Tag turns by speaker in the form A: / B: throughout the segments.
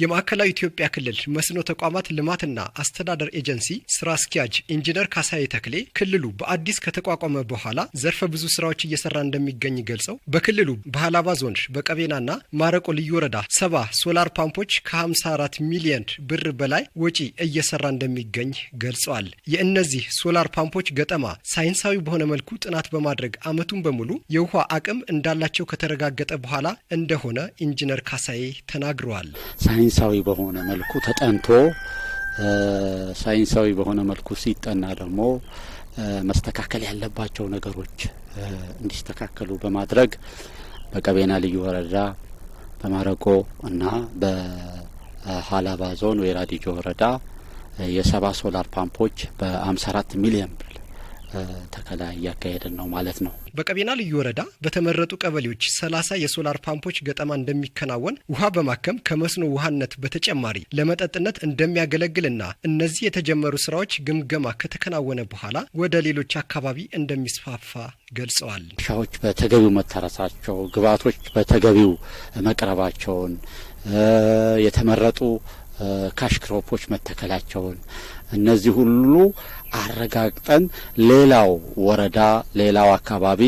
A: የማዕከላዊ ኢትዮጵያ ክልል መስኖ ተቋማት ልማትና አስተዳደር ኤጀንሲ ስራ አስኪያጅ ኢንጂነር ካሳዬ ተክሌ ክልሉ በአዲስ ከተቋቋመ በኋላ ዘርፈ ብዙ ስራዎች እየሰራ እንደሚገኝ ገልጸው በክልሉ በሀላባ ዞን በቀቤናና ማረቆ ልዩ ወረዳ ሰባ ሶላር ፓምፖች ከ54 ሚሊዮን ብር በላይ ወጪ እየሰራ እንደሚገኝ ገልጸዋል። የእነዚህ ሶላር ፓምፖች ገጠማ ሳይንሳዊ በሆነ መልኩ ጥናት በማድረግ አመቱን በሙሉ የውሃ አቅም እንዳላቸው ከተረጋገጠ በኋላ እንደሆነ ኢንጂነር ካሳዬ ተናግረዋል።
B: ሳይንሳዊ በሆነ መልኩ ተጠንቶ ሳይንሳዊ በሆነ መልኩ ሲጠና ደግሞ መስተካከል ያለባቸው ነገሮች እንዲስተካከሉ በማድረግ በቀቤና ልዩ ወረዳ በማረቆ እና በሀላባ ዞን ወይራዲጆ ወረዳ የሰባ ሶላር ፓምፖች በአምሳ አራት ሚሊየን ብር ተከላ እያካሄድን ነው ማለት ነው።
A: በቀቤና ልዩ ወረዳ በተመረጡ ቀበሌዎች ሰላሳ የሶላር ፓምፖች ገጠማ እንደሚከናወን ውሃ በማከም ከመስኖ ውሃነት በተጨማሪ ለመጠጥነት እንደሚያገለግልና እነዚህ የተጀመሩ ስራዎች ግምገማ ከተከናወነ በኋላ ወደ ሌሎች አካባቢ እንደሚስፋፋ ገልጸዋል።
B: ሻዎች በተገቢው መታረሳቸው፣ ግብአቶች በተገቢው መቅረባቸውን የተመረጡ ካሽ ክሮፖች መተከላቸውን እነዚህ ሁሉ አረጋግጠን ሌላው ወረዳ ሌላው አካባቢ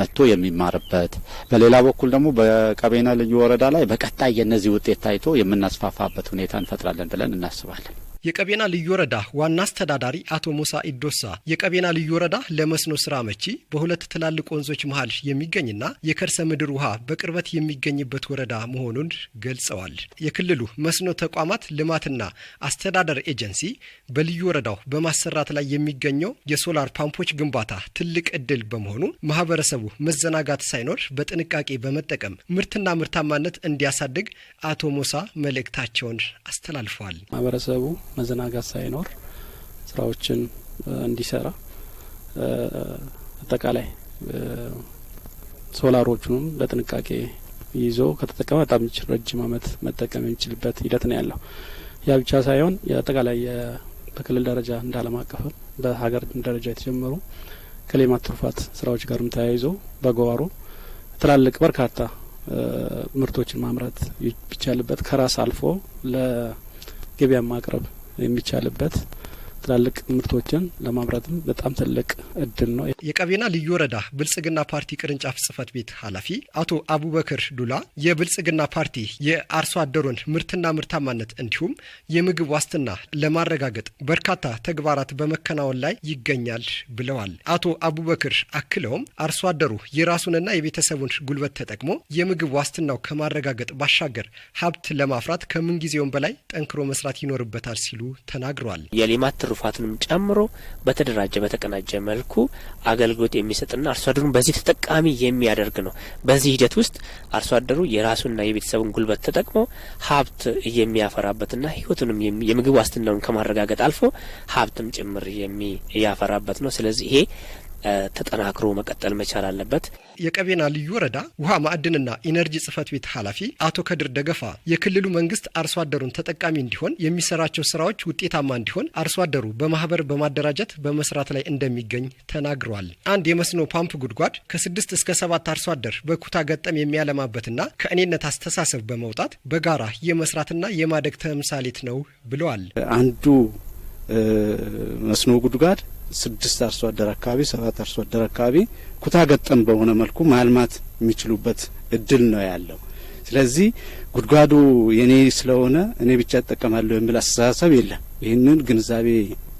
B: መጥቶ የሚማርበት፣ በሌላ በኩል ደግሞ በቀቤና ልዩ ወረዳ ላይ በቀጣይ የነዚህ ውጤት ታይቶ የምናስፋፋበት ሁኔታ እንፈጥራለን ብለን እናስባለን።
A: የቀቤና ልዩ ወረዳ ዋና አስተዳዳሪ አቶ ሙሳ ኢዶሳ የቀቤና ልዩ ወረዳ ለመስኖ ስራ መቺ በሁለት ትላልቅ ወንዞች መሀል የሚገኝና የከርሰ ምድር ውሃ በቅርበት የሚገኝበት ወረዳ መሆኑን ገልጸዋል። የክልሉ መስኖ ተቋማት ልማትና አስተዳደር ኤጀንሲ በልዩ ወረዳው በማሰራት ላይ የሚገኘው የሶላር ፓምፖች ግንባታ ትልቅ እድል በመሆኑ ማህበረሰቡ መዘናጋት ሳይኖር በጥንቃቄ በመጠቀም ምርትና ምርታማነት እንዲያሳድግ አቶ ሞሳ መልእክታቸውን አስተላልፈዋል።
C: ማህበረሰቡ መዘናጋት ሳይኖር ስራዎችን እንዲሰራ አጠቃላይ ሶላሮቹንም በጥንቃቄ ይዞ ከተጠቀመ በጣም ረጅም አመት መጠቀም የሚችልበት ሂደት ነው ያለው። ያ ብቻ ሳይሆን የአጠቃላይ በክልል ደረጃ እንደ ዓለም አቀፍም በሀገር ደረጃ የተጀመሩ ከሌማት ትሩፋት ስራዎች ጋርም ተያይዞ በጓሮ ትላልቅ በርካታ ምርቶችን ማምረት ቢቻልበት ከራስ አልፎ ለገበያ ማቅረብ የሚቻልበት ትላልቅ ምርቶችን ለማምረትም በጣም ትልቅ እድል ነው።
A: የቀቤና ልዩ ወረዳ ብልጽግና ፓርቲ ቅርንጫፍ ጽህፈት ቤት ኃላፊ አቶ አቡበክር ዱላ የብልጽግና ፓርቲ የአርሶ አደሩን ምርትና ምርታማነት እንዲሁም የምግብ ዋስትና ለማረጋገጥ በርካታ ተግባራት በመከናወን ላይ ይገኛል ብለዋል። አቶ አቡበክር አክለውም አርሶ አደሩ የራሱንና የቤተሰቡን ጉልበት ተጠቅሞ የምግብ ዋስትናው ከማረጋገጥ ባሻገር ሀብት ለማፍራት ከምንጊዜውም በላይ ጠንክሮ መስራት ይኖርበታል ሲሉ ተናግረዋል።
D: የሌማት ትሩፋትንም ጨምሮ በተደራጀ በተቀናጀ መልኩ አገልግሎት የሚሰጥና አርሶ አደሩን በዚህ ተጠቃሚ የሚያደርግ ነው። በዚህ ሂደት ውስጥ አርሶ አደሩ የራሱና የቤተሰቡን ጉልበት ተጠቅሞ ሀብት የሚያፈራበትና ህይወቱንም የምግብ ዋስትናውን ከማረጋገጥ አልፎ ሀብትም ጭምር የሚያፈራበት ነው። ስለዚህ ይሄ ተጠናክሮ መቀጠል መቻል አለበት።
A: የቀቤና ልዩ ወረዳ ውሃ ማዕድንና ኢነርጂ ጽህፈት ቤት ኃላፊ አቶ ከድር ደገፋ የክልሉ መንግስት አርሶ አደሩን ተጠቃሚ እንዲሆን የሚሰራቸው ስራዎች ውጤታማ እንዲሆን አርሶ አደሩ በማህበር በማደራጀት በመስራት ላይ እንደሚገኝ ተናግረዋል። አንድ የመስኖ ፓምፕ ጉድጓድ ከስድስት እስከ ሰባት አርሶ አደር በኩታ ገጠም የሚያለማበትና ከእኔነት አስተሳሰብ በመውጣት በጋራ የመስራትና የማደግ ተምሳሌት ነው ብለዋል።
B: አንዱ መስኖ ጉድጓድ ስድስት አርሶ አደር አካባቢ ሰባት አርሶ አደር አካባቢ ኩታ ገጠም በሆነ መልኩ ማልማት የሚችሉበት እድል ነው ያለው። ስለዚህ ጉድጓዱ የኔ ስለሆነ እኔ ብቻ እጠቀማለሁ የሚል አስተሳሰብ የለም። ይህንን ግንዛቤ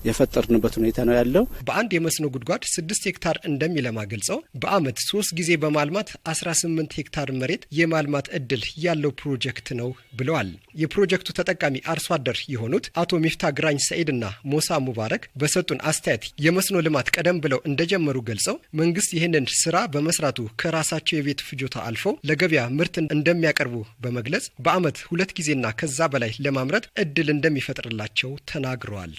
B: የፈጠርንበት ሁኔታ ነው ያለው።
A: በአንድ የመስኖ ጉድጓድ ስድስት ሄክታር እንደሚለማ ገልጸው በአመት ሶስት ጊዜ በማልማት ስምንት ሄክታር መሬት የማልማት እድል ያለው ፕሮጀክት ነው ብለዋል። የፕሮጀክቱ ተጠቃሚ አርሶ አደር የሆኑት አቶ ሚፍታ ግራኝ ሰኢድና ሞሳ ሙባረክ በሰጡን አስተያየት የመስኖ ልማት ቀደም ብለው እንደጀመሩ ገልጸው መንግስት ይህንን ስራ በመስራቱ ከራሳቸው የቤት ፍጆታ አልፎ ለገበያ ምርት እንደሚያቀርቡ በመግለጽ በአመት ሁለት ጊዜና ከዛ በላይ ለማምረት እድል እንደሚፈጥርላቸው ተናግረዋል።